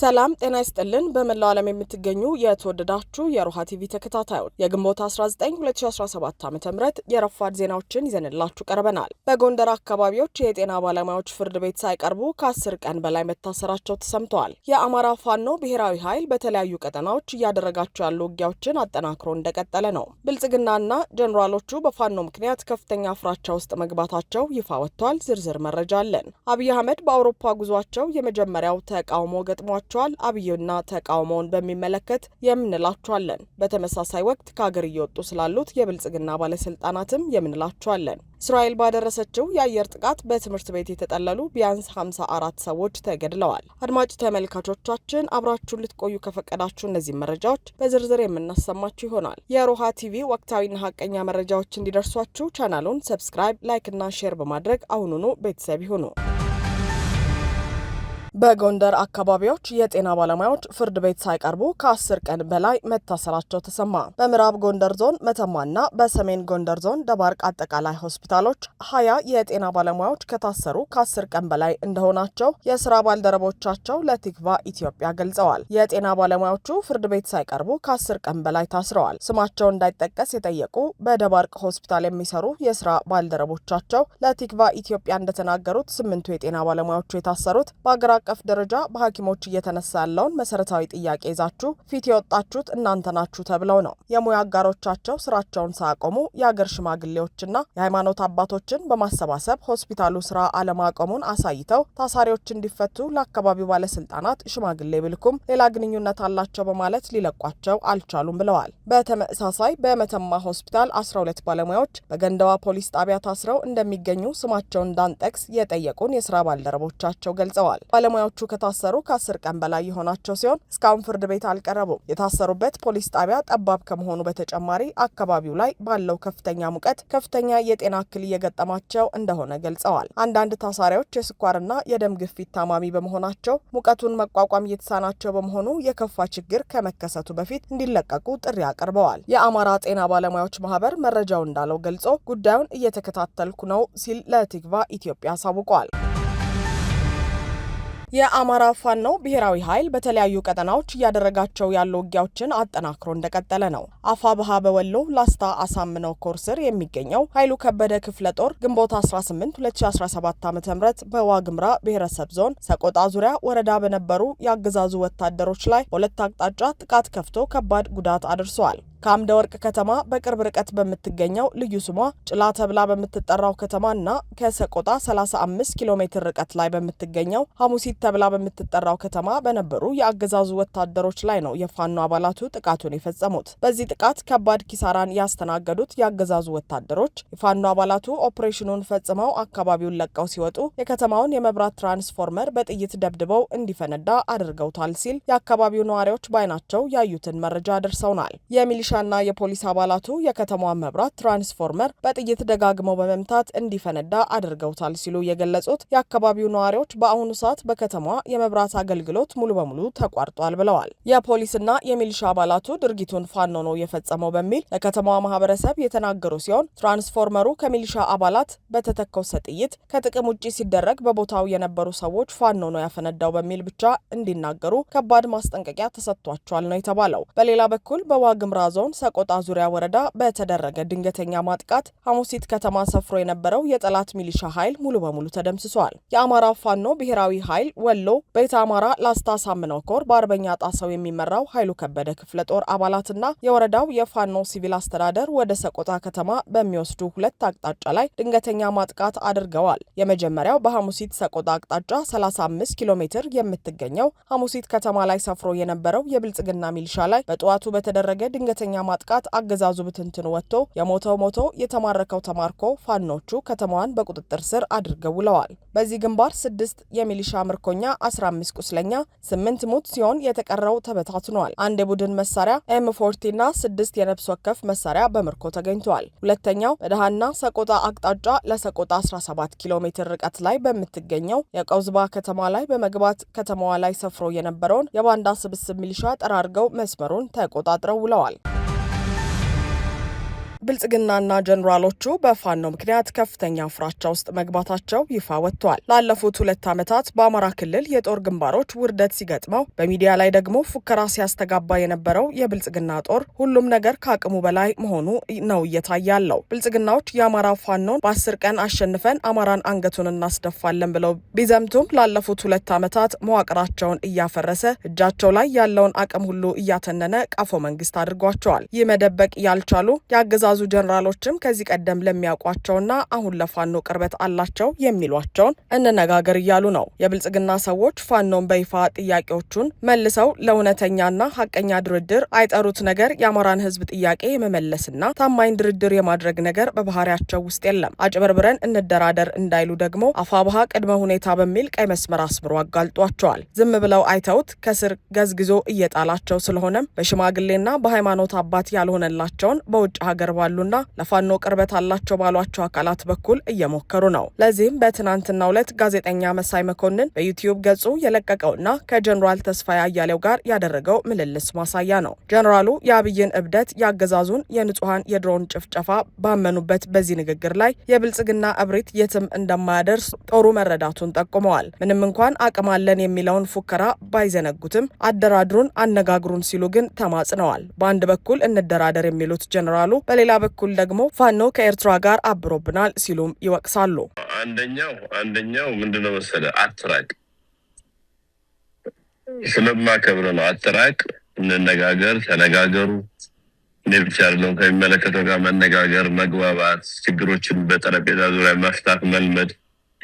ሰላም ጤና ይስጥልን። በመላው ዓለም የምትገኙ የተወደዳችሁ የሮሃ ቲቪ ተከታታዮች የግንቦት 19 2017 ዓ ም የረፋድ ዜናዎችን ይዘንላችሁ ቀርበናል። በጎንደር አካባቢዎች የጤና ባለሙያዎች ፍርድ ቤት ሳይቀርቡ ከ10 ቀን በላይ መታሰራቸው ተሰምተዋል። የአማራ ፋኖ ብሔራዊ ኃይል በተለያዩ ቀጠናዎች እያደረጋቸው ያሉ ውጊያዎችን አጠናክሮ እንደቀጠለ ነው። ብልጽግናና ጀኔራሎቹ በፋኖ ምክንያት ከፍተኛ ፍራቻ ውስጥ መግባታቸው ይፋ ወጥቷል። ዝርዝር መረጃ አለን። አብይ አህመድ በአውሮፓ ጉዟቸው የመጀመሪያው ተቃውሞ ገጥሟቸው ይገባቸዋል አብይና ተቃውሞውን በሚመለከት የምንላቸዋለን። በተመሳሳይ ወቅት ከሀገር እየወጡ ስላሉት የብልጽግና ባለስልጣናትም የምንላቸዋለን። እስራኤል ባደረሰችው የአየር ጥቃት በትምህርት ቤት የተጠለሉ ቢያንስ 54 ሰዎች ተገድለዋል። አድማጭ ተመልካቾቻችን አብራችሁን ልትቆዩ ከፈቀዳችሁ እነዚህ መረጃዎች በዝርዝር የምናሰማችሁ ይሆናል። የሮሃ ቲቪ ወቅታዊና ሀቀኛ መረጃዎች እንዲደርሷችሁ ቻናሉን ሰብስክራይብ፣ ላይክ እና ሼር በማድረግ አሁኑኑ ቤተሰብ ይሁኑ። በጎንደር አካባቢዎች የጤና ባለሙያዎች ፍርድ ቤት ሳይቀርቡ ከአስር ቀን በላይ መታሰራቸው ተሰማ። በምዕራብ ጎንደር ዞን መተማና በሰሜን ጎንደር ዞን ደባርቅ አጠቃላይ ሆስፒታሎች ሀያ የጤና ባለሙያዎች ከታሰሩ ከአስር ቀን በላይ እንደሆናቸው የስራ ባልደረቦቻቸው ለቲክቫ ኢትዮጵያ ገልጸዋል። የጤና ባለሙያዎቹ ፍርድ ቤት ሳይቀርቡ ከአስር ቀን በላይ ታስረዋል። ስማቸው እንዳይጠቀስ የጠየቁ በደባርቅ ሆስፒታል የሚሰሩ የስራ ባልደረቦቻቸው ለቲክቫ ኢትዮጵያ እንደተናገሩት ስምንቱ የጤና ባለሙያዎቹ የታሰሩት በአገራ አቀፍ ደረጃ በሐኪሞች እየተነሳ ያለውን መሰረታዊ ጥያቄ ይዛችሁ ፊት የወጣችሁት እናንተ ናችሁ ተብለው ነው። የሙያ አጋሮቻቸው ስራቸውን ሳያቆሙ የአገር ሽማግሌዎችና የሃይማኖት አባቶችን በማሰባሰብ ሆስፒታሉ ስራ አለማቆሙን አሳይተው ታሳሪዎች እንዲፈቱ ለአካባቢው ባለስልጣናት ሽማግሌ ብልኩም ሌላ ግንኙነት አላቸው በማለት ሊለቋቸው አልቻሉም ብለዋል። በተመሳሳይ በመተማ ሆስፒታል 12 ባለሙያዎች በገንደዋ ፖሊስ ጣቢያ ታስረው እንደሚገኙ ስማቸውን እንዳንጠቅስ የጠየቁን የስራ ባልደረቦቻቸው ገልጸዋል። ባለሙያዎቹ ከታሰሩ ከአስር ቀን በላይ የሆናቸው ሲሆን እስካሁን ፍርድ ቤት አልቀረቡም። የታሰሩበት ፖሊስ ጣቢያ ጠባብ ከመሆኑ በተጨማሪ አካባቢው ላይ ባለው ከፍተኛ ሙቀት ከፍተኛ የጤና እክል እየገጠማቸው እንደሆነ ገልጸዋል። አንዳንድ ታሳሪዎች የስኳርና የደም ግፊት ታማሚ በመሆናቸው ሙቀቱን መቋቋም እየተሳናቸው በመሆኑ የከፋ ችግር ከመከሰቱ በፊት እንዲለቀቁ ጥሪ አቅርበዋል። የአማራ ጤና ባለሙያዎች ማህበር መረጃው እንዳለው ገልጾ ጉዳዩን እየተከታተልኩ ነው ሲል ለቲግቫ ኢትዮጵያ አሳውቋል። የአማራ ፋኖ ብሔራዊ ኃይል በተለያዩ ቀጠናዎች እያደረጋቸው ያሉ ውጊያዎችን አጠናክሮ እንደቀጠለ ነው። አፋብሃ በወሎ ላስታ አሳምነው ኮር ስር የሚገኘው ኃይሉ ከበደ ክፍለ ጦር ግንቦት 18 2017 ዓ ም በዋግምራ ብሔረሰብ ዞን ሰቆጣ ዙሪያ ወረዳ በነበሩ የአገዛዙ ወታደሮች ላይ በሁለት አቅጣጫ ጥቃት ከፍቶ ከባድ ጉዳት አድርሰዋል። ከአምደ ወርቅ ከተማ በቅርብ ርቀት በምትገኘው ልዩ ስሟ ጭላ ተብላ በምትጠራው ከተማና ከሰቆጣ 35 ኪሎ ሜትር ርቀት ላይ በምትገኘው ሐሙሲት ተብላ በምትጠራው ከተማ በነበሩ የአገዛዙ ወታደሮች ላይ ነው የፋኖ አባላቱ ጥቃቱን የፈጸሙት። በዚህ ጥቃት ከባድ ኪሳራን ያስተናገዱት የአገዛዙ ወታደሮች የፋኖ አባላቱ ኦፕሬሽኑን ፈጽመው አካባቢውን ለቀው ሲወጡ የከተማውን የመብራት ትራንስፎርመር በጥይት ደብድበው እንዲፈነዳ አድርገውታል ሲል የአካባቢው ነዋሪዎች ባይናቸው ያዩትን መረጃ ደርሰውናል። የሚሊሻ ሚሊሻና የፖሊስ አባላቱ የከተማዋን መብራት ትራንስፎርመር በጥይት ደጋግመው በመምታት እንዲፈነዳ አድርገውታል ሲሉ የገለጹት የአካባቢው ነዋሪዎች በአሁኑ ሰዓት በከተማዋ የመብራት አገልግሎት ሙሉ በሙሉ ተቋርጧል ብለዋል። የፖሊስና የሚሊሻ አባላቱ ድርጊቱን ፋኖ ነው የፈጸመው በሚል ለከተማዋ ማህበረሰብ የተናገሩ ሲሆን ትራንስፎርመሩ ከሚሊሻ አባላት በተተኮሰ ጥይት ከጥቅም ውጭ ሲደረግ በቦታው የነበሩ ሰዎች ፋኖ ነው ያፈነዳው በሚል ብቻ እንዲናገሩ ከባድ ማስጠንቀቂያ ተሰጥቷቸዋል ነው የተባለው። በሌላ በኩል በዋግምራ ዞን ሰቆጣ ዙሪያ ወረዳ በተደረገ ድንገተኛ ማጥቃት ሐሙሲት ከተማ ሰፍሮ የነበረው የጠላት ሚሊሻ ኃይል ሙሉ በሙሉ ተደምስሷል። የአማራ ፋኖ ብሔራዊ ኃይል ወሎ ቤተ አማራ ላስታ ሳምነው ኮር በአርበኛ ጣሰው የሚመራው ኃይሉ ከበደ ክፍለ ጦር አባላትና የወረዳው የፋኖ ሲቪል አስተዳደር ወደ ሰቆጣ ከተማ በሚወስዱ ሁለት አቅጣጫ ላይ ድንገተኛ ማጥቃት አድርገዋል። የመጀመሪያው በሐሙሲት ሰቆጣ አቅጣጫ 35 ኪሎ ሜትር የምትገኘው ሐሙሲት ከተማ ላይ ሰፍሮ የነበረው የብልጽግና ሚሊሻ ላይ በጠዋቱ በተደረገ ድንገተኛ ከፍተኛ ማጥቃት አገዛዙ ብትንትን ወጥቶ የሞተው ሞቶ የተማረከው ተማርኮ ፋኖቹ ከተማዋን በቁጥጥር ስር አድርገው ውለዋል። በዚህ ግንባር ስድስት የሚሊሻ ምርኮኛ፣ 15 ቁስለኛ፣ ስምንት ሙት ሲሆን የተቀረው ተበታትኗል። አንድ የቡድን መሳሪያ ኤም ፎርቲና ስድስት የነፍስ ወከፍ መሳሪያ በምርኮ ተገኝተዋል። ሁለተኛው በደሃና ሰቆጣ አቅጣጫ ለሰቆጣ 17 ኪሎ ሜትር ርቀት ላይ በምትገኘው የቀውዝባ ከተማ ላይ በመግባት ከተማዋ ላይ ሰፍሮ የነበረውን የባንዳ ስብስብ ሚሊሻ ጠራርገው መስመሩን ተቆጣጥረው ውለዋል። ብልጽግናና ጀኔራሎቹ በፋኖ ምክንያት ከፍተኛ ፍራቻ ውስጥ መግባታቸው ይፋ ወጥቷል። ላለፉት ሁለት ዓመታት በአማራ ክልል የጦር ግንባሮች ውርደት ሲገጥመው፣ በሚዲያ ላይ ደግሞ ፉከራ ሲያስተጋባ የነበረው የብልጽግና ጦር ሁሉም ነገር ከአቅሙ በላይ መሆኑ ነው እየታያለው። ብልጽግናዎች የአማራ ፋኖን በአስር ቀን አሸንፈን አማራን አንገቱን እናስደፋለን ብለው ቢዘምቱም ላለፉት ሁለት ዓመታት መዋቅራቸውን እያፈረሰ እጃቸው ላይ ያለውን አቅም ሁሉ እያተነነ ቀፎ መንግስት አድርጓቸዋል። ይህ መደበቅ ያልቻሉ የአገዛዙ የአገዛዙ ጀኔራሎችም ከዚህ ቀደም ለሚያውቋቸውና አሁን ለፋኖ ቅርበት አላቸው የሚሏቸውን እንነጋገር እያሉ ነው። የብልጽግና ሰዎች ፋኖን በይፋ ጥያቄዎቹን መልሰው ለእውነተኛና ሀቀኛ ድርድር አይጠሩት ነገር የአማራን ህዝብ ጥያቄ የመመለስና ታማኝ ድርድር የማድረግ ነገር በባህሪያቸው ውስጥ የለም። አጭበርብረን እንደራደር እንዳይሉ ደግሞ አፋብሃ ቅድመ ሁኔታ በሚል ቀይ መስመር አስምሮ አጋልጧቸዋል። ዝም ብለው አይተውት ከስር ገዝግዞ እየጣላቸው ስለሆነም በሽማግሌና በሃይማኖት አባት ያልሆነላቸውን በውጭ ሀገር ባ ባሉና ለፋኖ ቅርበት አላቸው ባሏቸው አካላት በኩል እየሞከሩ ነው። ለዚህም በትናንትናው ዕለት ጋዜጠኛ መሳይ መኮንን በዩትዩብ ገጹ የለቀቀውና ከጀኔራል ተስፋዬ አያሌው ጋር ያደረገው ምልልስ ማሳያ ነው። ጀኔራሉ የአብይን እብደት፣ የአገዛዙን የንጹሐን የድሮን ጭፍጨፋ ባመኑበት በዚህ ንግግር ላይ የብልጽግና እብሪት የትም እንደማያደርስ ጦሩ መረዳቱን ጠቁመዋል። ምንም እንኳን አቅም አለን የሚለውን ፉከራ ባይዘነጉትም አደራድሩን፣ አነጋግሩን ሲሉ ግን ተማጽነዋል። በአንድ በኩል እንደራደር የሚሉት ጀኔራሉ በሌላ በሌላ በኩል ደግሞ ፋኖ ከኤርትራ ጋር አብሮብናል ሲሉም ይወቅሳሉ። አንደኛው አንደኛው ምንድነው መሰለ አትራቅ ስለማከብረ ነው። አትራቅ፣ እንነጋገር፣ ተነጋገሩ። እኔ ብቻ አይደለም ከሚመለከተው ጋር መነጋገር፣ መግባባት፣ ችግሮችን በጠረጴዛ ዙሪያ መፍታት መልመድ፣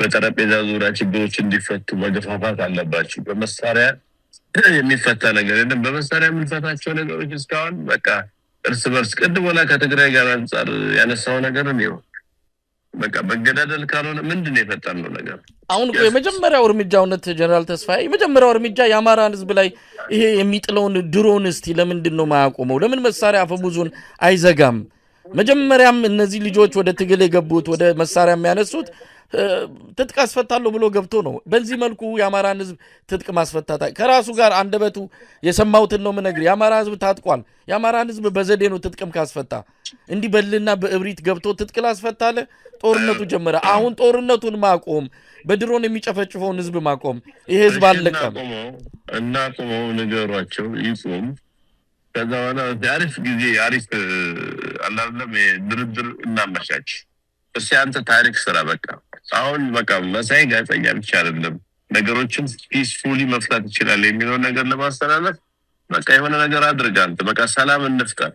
በጠረጴዛ ዙሪያ ችግሮች እንዲፈቱ መገፋፋት አለባቸው። በመሳሪያ የሚፈታ ነገር የለም። በመሳሪያ የምንፈታቸው ነገሮች እስካሁን በቃ እርስ በርስ ቅድም ሆና ከትግራይ ጋር አንጻር ያነሳው ነገር ነው። በቃ መገዳደል ካልሆነ ምንድን ነው የፈጠርነው ነገር? አሁን የመጀመሪያው እርምጃ እውነት ጀነራል ተስፋዬ የመጀመሪያው እርምጃ የአማራን ህዝብ ላይ ይሄ የሚጥለውን ድሮን እስቲ ለምንድን ነው ማያቆመው? ለምን መሳሪያ አፈሙዙን አይዘጋም? መጀመሪያም እነዚህ ልጆች ወደ ትግል የገቡት ወደ መሳሪያ የሚያነሱት ትጥቅ አስፈታለሁ ብሎ ገብቶ ነው። በዚህ መልኩ የአማራን ህዝብ ትጥቅ ማስፈታታ ከራሱ ጋር አንደበቱ የሰማሁትን ነው ምነግር። የአማራ ህዝብ ታጥቋል። የአማራን ህዝብ በዘዴ ነው ትጥቅም ካስፈታ። እንዲህ በልና በእብሪት ገብቶ ትጥቅ ላስፈታለ ጦርነቱ ጀመረ። አሁን ጦርነቱን ማቆም፣ በድሮን የሚጨፈጭፈውን ህዝብ ማቆም። ይሄ ህዝብ አልለቀም። እናቁመው፣ ንገሯቸው ይቁም። ከዛ በኋላ አሪፍ ጊዜ አሪፍ አላለም ድርድር እናመቻች። እስኪ አንተ ታሪክ ስራ በቃ አሁን በቃ መሳይ ጋዜጠኛ ብቻ አይደለም፣ ነገሮችን ፒስፉሊ መፍታት ይችላል የሚለውን ነገር ለማስተላለፍ በቃ የሆነ ነገር አድርግ አንተ። በቃ ሰላም እንፍጠር፣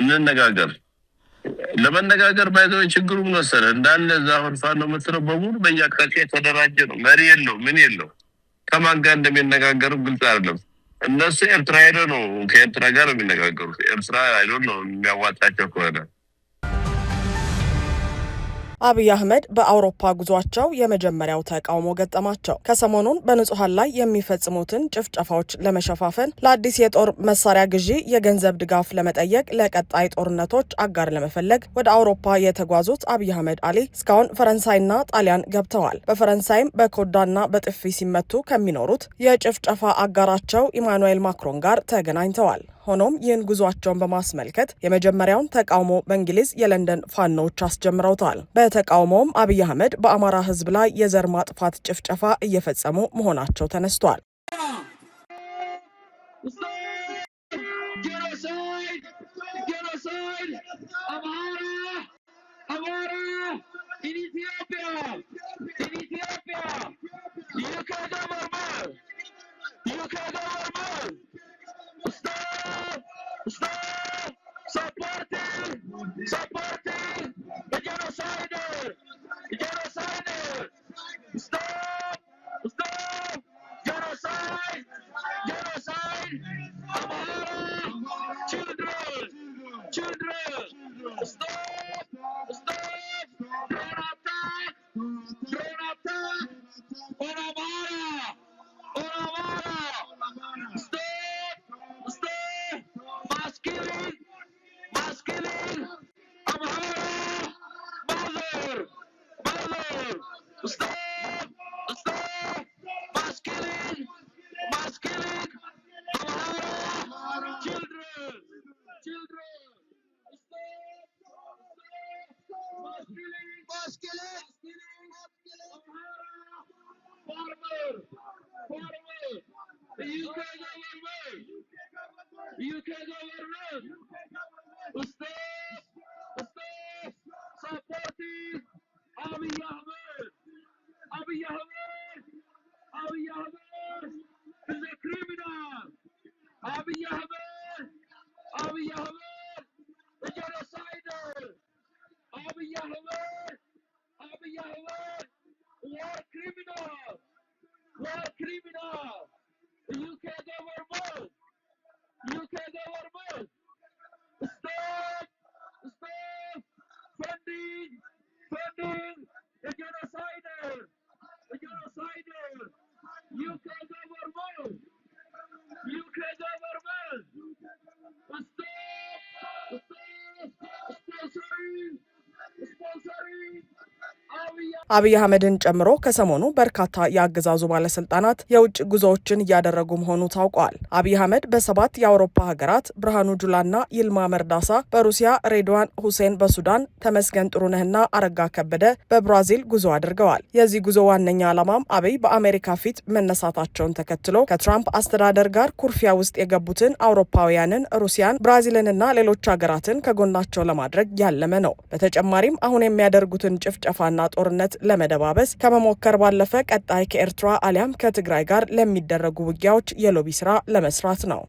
እንነጋገር። ለመነጋገር ባይዘ ችግሩ መሰለ እንዳለ እዛ አሁን ፋኖ የምትለው በሙሉ በየአቅጣጫ የተደራጀ ነው። መሪ የለው ምን የለው ከማን ጋር እንደሚነጋገርም ግልጽ አይደለም። እነሱ ኤርትራ ሄደ ነው ከኤርትራ ጋር ነው የሚነጋገሩት። ኤርትራ አይዶ ነው የሚያዋጣቸው ከሆነ አብይ አህመድ በአውሮፓ ጉዟቸው የመጀመሪያው ተቃውሞ ገጠማቸው። ከሰሞኑን በንጹሐን ላይ የሚፈጽሙትን ጭፍጨፋዎች ለመሸፋፈን ለአዲስ የጦር መሳሪያ ግዢ የገንዘብ ድጋፍ ለመጠየቅ ለቀጣይ ጦርነቶች አጋር ለመፈለግ ወደ አውሮፓ የተጓዙት አብይ አህመድ አሊ እስካሁን ፈረንሳይና ጣሊያን ገብተዋል። በፈረንሳይም በኮዳና በጥፊ ሲመቱ ከሚኖሩት የጭፍጨፋ አጋራቸው ኢማኑኤል ማክሮን ጋር ተገናኝተዋል። ሆኖም ይህን ጉዟቸውን በማስመልከት የመጀመሪያውን ተቃውሞ በእንግሊዝ የለንደን ፋኖዎች አስጀምረውታል። በተቃውሞውም አብይ አህመድ በአማራ ህዝብ ላይ የዘር ማጥፋት ጭፍጨፋ እየፈጸሙ መሆናቸው ተነስቷል። children አብይ አህመድን ጨምሮ ከሰሞኑ በርካታ የአገዛዙ ባለስልጣናት የውጭ ጉዞዎችን እያደረጉ መሆኑ ታውቋል። አብይ አህመድ በሰባት የአውሮፓ ሀገራት ብርሃኑ ጁላና ይልማ መርዳሳ በሩሲያ ሬድዋን ሁሴን በሱዳን ተመስገን ጥሩነህና አረጋ ከበደ በብራዚል ጉዞ አድርገዋል። የዚህ ጉዞ ዋነኛ ዓላማም አብይ በአሜሪካ ፊት መነሳታቸውን ተከትሎ ከትራምፕ አስተዳደር ጋር ኩርፊያ ውስጥ የገቡትን አውሮፓውያንን፣ ሩሲያን፣ ብራዚልንና ሌሎች ሀገራትን ከጎናቸው ለማድረግ ያለመ ነው። በተጨማሪም አሁን የሚያደርጉትን ጭፍጨፋና ጦርነት ለመደባበስ ከመሞከር ባለፈ ቀጣይ ከኤርትራ አሊያም ከትግራይ ጋር ለሚደረጉ ውጊያዎች የሎቢ ስራ ለመስራት ነው።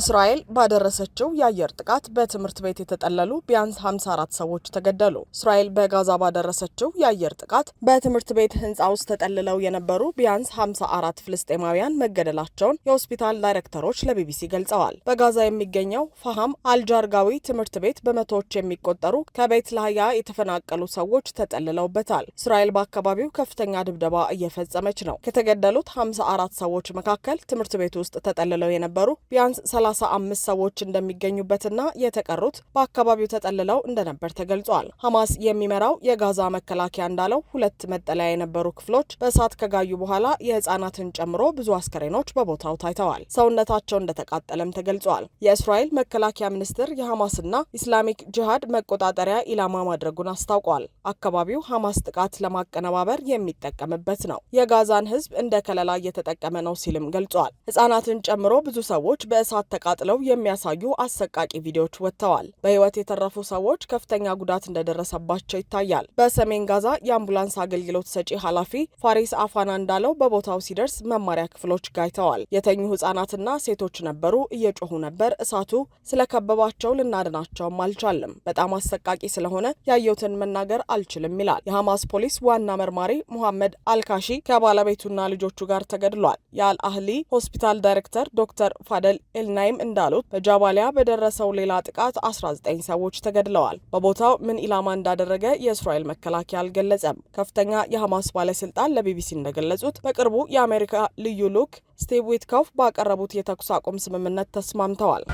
እስራኤል ባደረሰችው የአየር ጥቃት በትምህርት ቤት የተጠለሉ ቢያንስ 54 ሰዎች ተገደሉ። እስራኤል በጋዛ ባደረሰችው የአየር ጥቃት በትምህርት ቤት ህንፃ ውስጥ ተጠልለው የነበሩ ቢያንስ 54 ፍልስጤማውያን መገደላቸውን የሆስፒታል ዳይሬክተሮች ለቢቢሲ ገልጸዋል። በጋዛ የሚገኘው ፋሃም አልጃርጋዊ ትምህርት ቤት በመቶዎች የሚቆጠሩ ከቤት ላህያ የተፈናቀሉ ሰዎች ተጠልለውበታል። እስራኤል በአካባቢው ከፍተኛ ድብደባ እየፈጸመች ነው። ከተገደሉት 54 ሰዎች መካከል ትምህርት ቤት ውስጥ ተጠልለው የነበሩ ቢያንስ ሰላሳ አምስት ሰዎች እንደሚገኙበትና የተቀሩት በአካባቢው ተጠልለው እንደነበር ተገልጿል። ሐማስ የሚመራው የጋዛ መከላከያ እንዳለው ሁለት መጠለያ የነበሩ ክፍሎች በእሳት ከጋዩ በኋላ የህጻናትን ጨምሮ ብዙ አስከሬኖች በቦታው ታይተዋል። ሰውነታቸው እንደተቃጠለም ተገልጿል። የእስራኤል መከላከያ ሚኒስትር የሐማስና ኢስላሚክ ጂሃድ መቆጣጠሪያ ኢላማ ማድረጉን አስታውቋል። አካባቢው ሐማስ ጥቃት ለማቀነባበር የሚጠቀምበት ነው፣ የጋዛን ህዝብ እንደ ከለላ እየተጠቀመ ነው ሲልም ገልጿል። ህጻናትን ጨምሮ ብዙ ሰዎች በእሳት ተቃጥለው የሚያሳዩ አሰቃቂ ቪዲዮዎች ወጥተዋል። በህይወት የተረፉ ሰዎች ከፍተኛ ጉዳት እንደደረሰባቸው ይታያል። በሰሜን ጋዛ የአምቡላንስ አገልግሎት ሰጪ ኃላፊ ፋሪስ አፋና እንዳለው በቦታው ሲደርስ መማሪያ ክፍሎች ጋይተዋል። የተኙ ህጻናትና ሴቶች ነበሩ። እየጮሁ ነበር። እሳቱ ስለከበባቸው ልናድናቸውም አልቻልም። በጣም አሰቃቂ ስለሆነ ያየሁትን መናገር አልችልም ይላል። የሐማስ ፖሊስ ዋና መርማሪ ሙሐመድ አልካሺ ከባለቤቱና ልጆቹ ጋር ተገድሏል። የአልአህሊ ሆስፒታል ዳይሬክተር ዶክተር ፋደል ኤልና ተዋናይም እንዳሉት በጃባሊያ በደረሰው ሌላ ጥቃት 19 ሰዎች ተገድለዋል። በቦታው ምን ኢላማ እንዳደረገ የእስራኤል መከላከያ አልገለጸም። ከፍተኛ የሐማስ ባለስልጣን ለቢቢሲ እንደገለጹት በቅርቡ የአሜሪካ ልዩ ልዑክ ስቲቭ ዊትኮፍ ባቀረቡት የተኩስ አቁም ስምምነት ተስማምተዋል።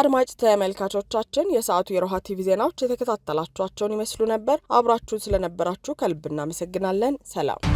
አድማጭ ተመልካቾቻችን የሰዓቱ የሮሃ ቲቪ ዜናዎች የተከታተላችኋቸውን ይመስሉ ነበር። አብራችሁን ስለነበራችሁ ከልብ እናመሰግናለን። ሰላም